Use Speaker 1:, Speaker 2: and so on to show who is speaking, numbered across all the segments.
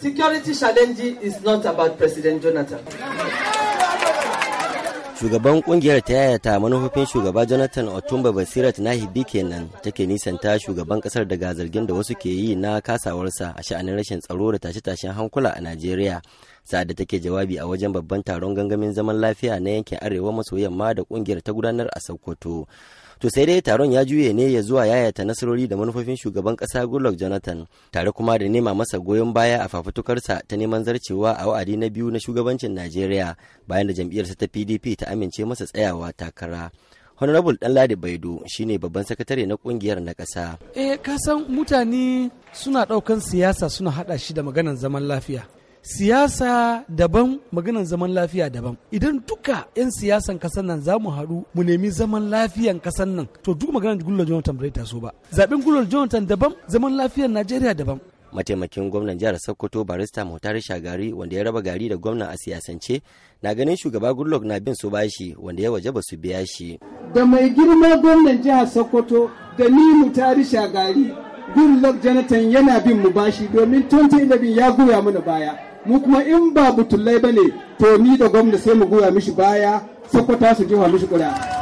Speaker 1: Security challenge is not about President Jonathan.
Speaker 2: shugaban kungiyar ta yaya ta manufofin shugaba jonathan otumba basirat nahibi kenan take nisanta shugaban kasar daga zargin da wasu ke yi na kasawarsa a sha'anin rashin tsaro da tashe-tashen hankula a najeriya sa'ad da take jawabi a wajen babban taron gangamin zaman lafiya na yankin arewa maso yamma da kungiyar ta gudanar a sokoto to sai dai taron ya juye ne ya zuwa yayata nasarori da manufofin shugaban kasa goodluck jonathan tare kuma da nema masa goyon baya a fafutukarsa ta neman zarcewa a wa'adi na biyu na shugabancin najeriya bayan da jam'iyyarsa ta pdp ta amince masa tsayawa takara honorable danladi baido shine babban sakatare na kungiyar na ƙasa.
Speaker 1: eh kasan mutane suna ɗaukan siyasa suna haɗa shi da maganan zaman lafiya siyasa daban maganan zaman lafiya daban idan duka 'yan siyasan kasan nan za mu haɗu mu nemi zaman lafiyan kasan nan to duk maganar gullo jonathan bai taso ba zaben gullo jonathan daban zaman lafiyar najeriya daban
Speaker 2: mataimakin gwamnan jihar sokoto barista Tari shagari wanda ya raba gari da gwamna a siyasance na ganin shugaba goodluck na bin su bashi wanda ya waje ba su biya shi
Speaker 3: da mai girma gwamnan jihar sokoto da ni mutari shagari goodluck jonathan yana bin mu bashi domin 2011 ya goya mana baya mu kuma in ba butullai ne to ni da gwamna sai mu goya mishi baya sokoto su jefa mishi ƙuri'a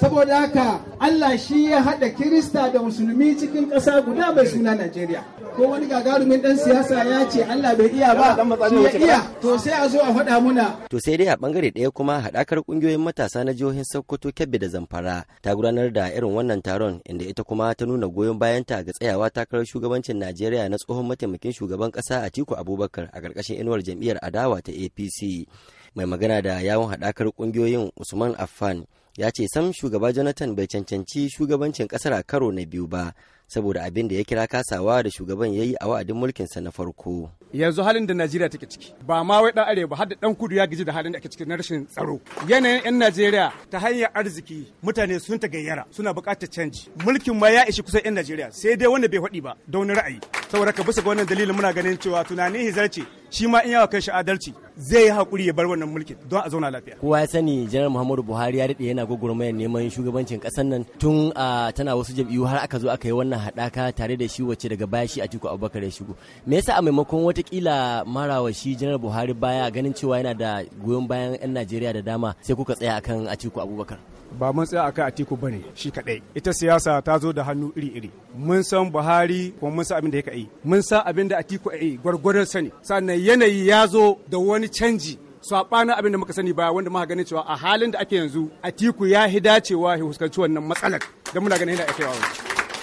Speaker 3: saboda haka Allah shi ya haɗa Kirista da Musulmi cikin kasa guda mai suna Najeriya. Ko wani gagarumin ɗan siyasa ya ce Allah bai iya ba, shi ya iya, to sai a zo a faɗa muna.
Speaker 2: To sai dai a bangare ɗaya kuma haɗakar ƙungiyoyin matasa na jihohin Sokoto, Kebbi da Zamfara ta gudanar da irin wannan taron inda ita kuma ta nuna goyon bayanta ga tsayawa takarar shugabancin Najeriya na tsohon mataimakin shugaban ƙasa Atiku Abubakar a ƙarƙashin inuwar jam'iyyar adawa ta APC. mai magana da yawon haɗakar ƙungiyoyin usman affan ya ce sam shugaba jonathan bai cancanci shugabancin ƙasar a karo na biyu ba saboda abin da ya kira kasawa da shugaban ya yi a wa'adin mulkinsa na farko
Speaker 4: yanzu halin da najeriya take ciki ba ma wai dan arewa har da dan kudu ya gaji da halin da ake ciki na rashin tsaro yanayin yan najeriya ta hanyar arziki mutane sun ta gayyara suna bukatar canji mulkin ma ya ishi kusan yan najeriya sai dai wanda bai faɗi ba da wani ra'ayi saboda ka bisa ga wannan dalilin muna ganin cewa tunani hizarci shi ma in yawa kan shi adalci zai yi hakuri ya bar wannan mulkin don a zauna lafiya
Speaker 2: kowa ya sani janar muhammadu buhari ya daɗe yana gwagwarmayar neman shugabancin ƙasar nan tun tana wasu jam'iyyu har aka zo aka yi wannan haɗaka tare da shi wacce daga baya shi atiku abubakar ya shigo me yasa a maimakon watakila marawa shi janar buhari baya ganin cewa yana da goyon bayan 'yan najeriya da dama sai kuka tsaya akan atiku abubakar ba mun tsaya akai Atiku bane shi kaɗai ita siyasa ta
Speaker 4: zo da hannu iri-iri mun san Buhari kuma mun san abin da yake yi mun san abin da Atiku yi gwargwaron sani sannan yanayi ya zo da wani canji sabanin abin da muka sani ba wanda muka ganin cewa a halin da ake yanzu Atiku ya hi dacewa ya huskanci wannan matsalar da muna ganin yana aikewa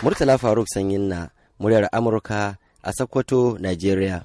Speaker 2: Murtala Faruk Sanyin na muryar Amurka a Sokoto, Najeriya.